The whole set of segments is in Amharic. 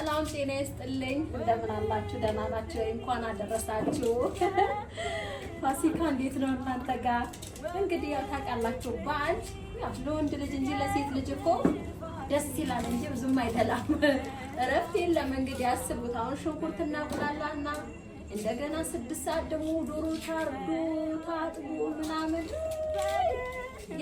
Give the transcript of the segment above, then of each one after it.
ሰላም ጤና ይስጥልኝ። እንደምን አላችሁ? ደህና ናቸው። እንኳን አደረሳችሁ። ፋሲካ እንዴት ነው እናንተ ጋር? እንግዲህ ያው ታውቃላችሁ፣ በዓል ለወንድ ልጅ እንጂ ለሴት ልጅ እኮ ደስ ይላል እንጂ ብዙም አይደላም፣ እረፍት የለም። እንግዲህ አስቡት አሁን ሽንኩርት እናቁላላና እንደገና ስድስት ሰዓት ደግሞ ዶሮ ታርዶ ታጥቦ ምናምን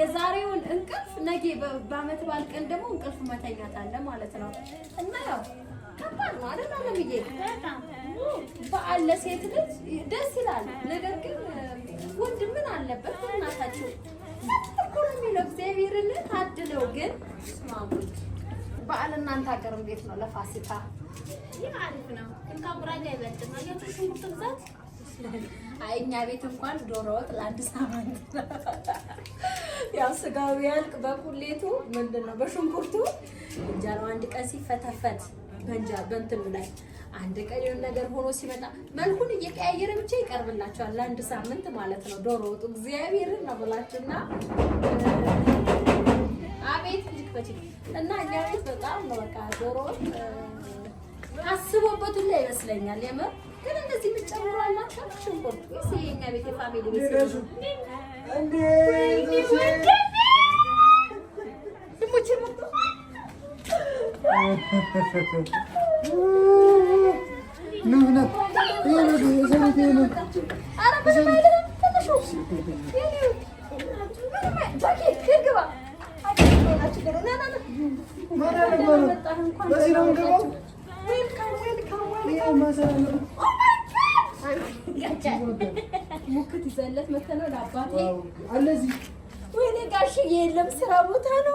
የዛሬውን እንቅልፍ ነገ በዓመት በዓል ቀን ደግሞ እንቅልፍ መተኛት አለ ማለት ነው እና ያው ከባድ ነው አይደል? አለምዬ በዓል ለሴት ልጅ ደስ ይላል። ነገር ግን ወንድ ምን አለበት? እናታችሁ እኩል የሚለው እግዚአብሔርን ታድለው። ግን ስማሙት፣ በዓል እናንተ ሀገር እንዴት ነው? ለፋሲካ ይህ አሪፍ ነው። እንካ አይበልጥም። አያችሁ ሽንኩርት ብዛት እኛ ቤት እንኳን ዶሮ ወጥ ለአንድ ሳምንት ያው ስጋው ያልቅ በቁሌቱ ምንድን ነው በሽንኩርቱ እንጀራው አንድ ቀን ሲፈተፈት በእንጃ በእንትኑ ላይ አንድ ቀን የሆነ ነገር ሆኖ ሲመጣ መልኩን እየቀያየረ ብቻ ይቀርብላቸዋል። ለአንድ ሳምንት ማለት ነው ዶሮ ወጡ። እግዚአብሔርን ነው ብላችሁና አቤት ልክበት እና እኛ ቤት በጣም ነው በቃ ዶሮ አስቦበት ላይ ይመስለኛል። የምር ግን እንደዚህ የምትጨምሩ አላችሁ ሽንኩርት የእኛ ቤት የፋሚሊ እንዴ ቤት ሙክት ይዘለት መተህ ነው ለአባቴ ወይኔ ጋሽ የለም ስራ ቦታ ነው።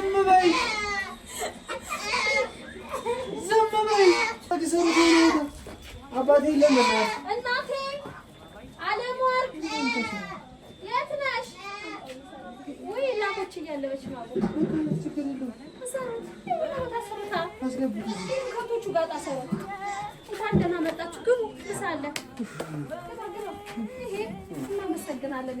ዝም በይ ዝም በይ። አባቴ የለም እናቴ አለሙ የት ነሽ? ውይ ላኮች እያለች ከብቶቹ ጋር ታሰሩት። እንኳን ደህና መጣችሁ። ግቡ እናመሰግናለን።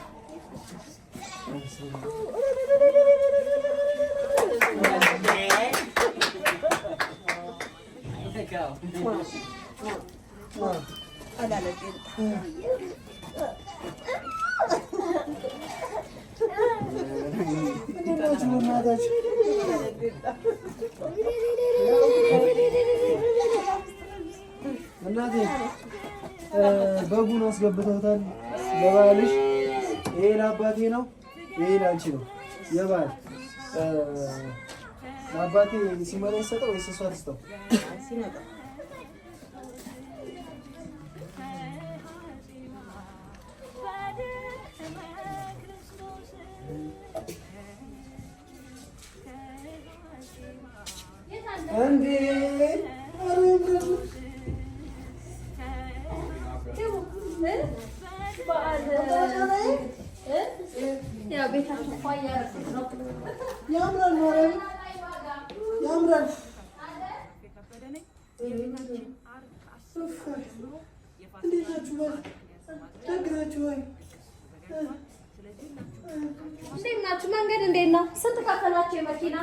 እናቴ በጉን አስገብተውታል ለባልሽ። ይሄ ለአባቴ ነው። ይሄ ላንቺ ነው የባል አባቴ ሲመጣ ሰጠው ወይስ እሷ ትስጠው? እንዴ እንዴት ናችሁ? ደግ ናችሁ ወይ? እንዴት ናችሁ? መንገድ እንዴት ነው? ስንት ከፈላችሁ የመኪና?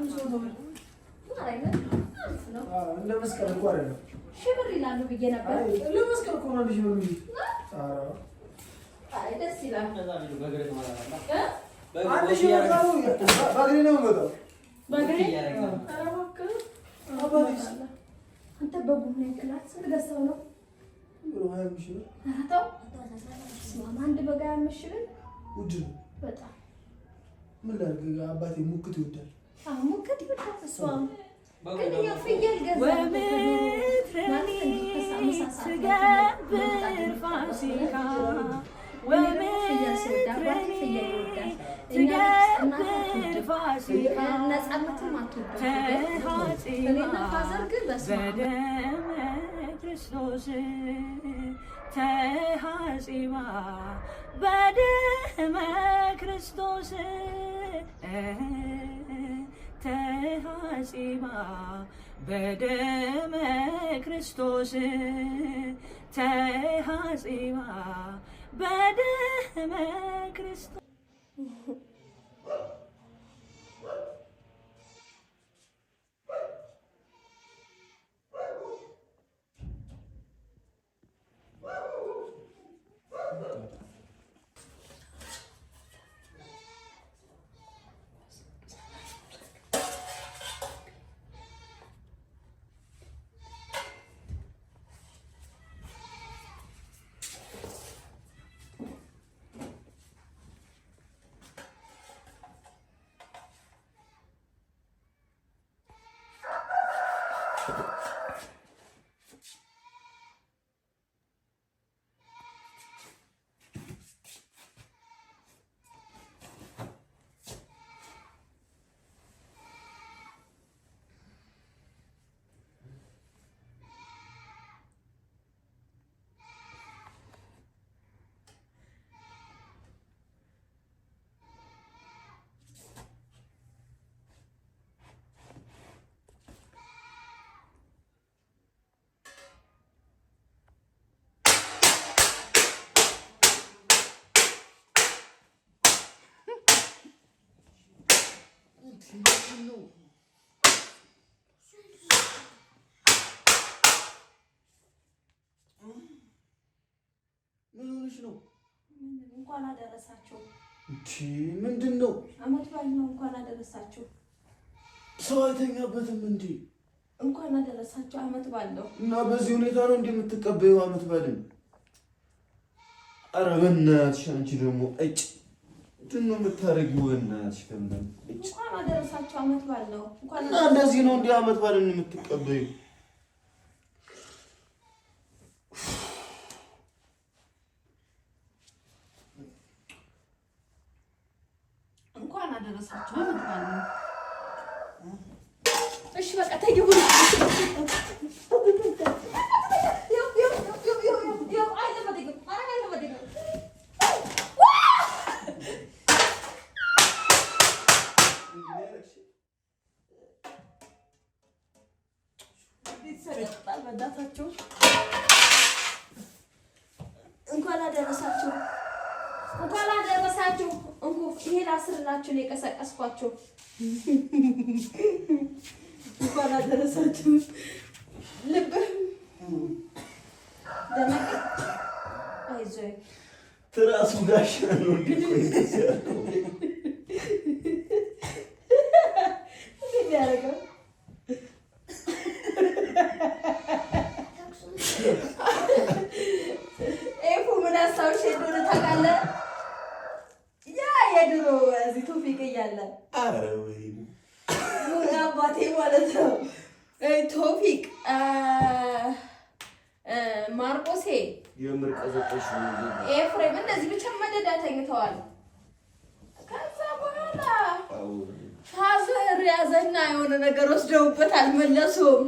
እንደ እኮ አይደለም ሺህ ብር ይላሉ ብዬ ነበር። ለመስቀል እኮ ነው። ደስ ይላል። አንድ ሺህ ብር ነው። በእግሬ ነው የምመጣው በቡና ይጥላል። ስንት ገዝተው ነው? አንድ በጋ ያምሽብን ውድ ነው በጣም ምን ላድርግ አባቴ፣ ሙክት ይወዳል። አዎ ሙክት ይወዳል። እሷም ግን ያው ፍየል ገዛ ተሃፂማ በደመ ክርስቶስ ተሃፂማ በደመ ክርስቶስ ተሃፂማ በደመ ክርስቶስ 진노. ምን ሆነሽ ነው? እንኳን አደረሳችሁ። እቺ ምንድን ነው? አመት በዓል ነው። እንኳን አደረሳችሁ። ሰው አይተኛበትም እንዴ? እንኳን አደረሳችሁ አመት በዓል ነው። እና በዚህ ሁኔታ ነው እንዴ የምትቀበዩ አመት በዓልን? ኧረ በእናትሽ አንቺ ደግሞ እጭ ምንድን ነው የምታደርጊው? እናትሽ ከምንም እንኳን አደረሳችሁ። አመት በዓል ነው እና እንደዚህ ነው እንዲህ አመት በዓልን የምትቀበዩ እንኳን አደረሳችሁ። አመት በዓል ነው። እሺ በቃ ተይው። እንኳን አደረሳችሁ፣ እንኳን አደረሳችሁ። እንኩ ይሄ ላስርላችሁ ነው የቀሰቀስኳችሁ። እንኳን አደረሳችሁ። ልብ ደመቅ አይዞ ትራሱ ጋሽ ነው እንዴ ማለት ነው። ቶፊቅ ማርቆሴ፣ ኤፍሬም እነዚህ ብቻ መደዳ ተኝተዋል። ከዛ በኋላ ታዘር ያዘና የሆነ ነገር ወስደውበት አልመለሱም።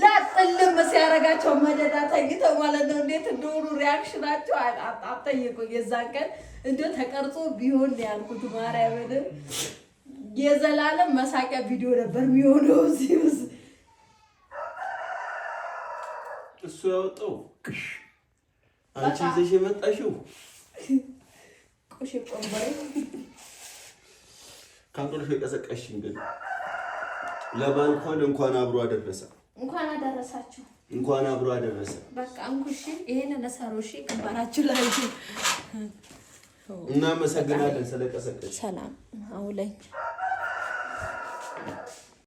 ላጥልም ሲያደርጋቸው መደዳ ተኝተው ማለት ነው። እንዴት እንደሆኑ ሪያክሽናቸው አጠይቁ። የዛን ቀን እንደ ተቀርጾ ቢሆን ያልኩት ማርያምን የዘላለም መሳቂያ ቪዲዮ ነበር የሚሆነው። እዚህ ውስጥ እሱ ያወጣው ቅሽ አንቺ ይዘሽ የመጣሽው ቆሽ ቆንበሬ ካንዶልሽ የቀሰቀሽ እንግዲህ ለባንኳን እንኳን አብሮ አደረሰ። እንኳን አደረሳችሁ። እንኳን አብሮ አደረሰ። በቃ እንኩሽ ይሄን እሺ፣ ግንባራችሁ ላይ እና መሰግናለን ስለቀሰቀስሽ። ሰላም አውለኝ Yeah.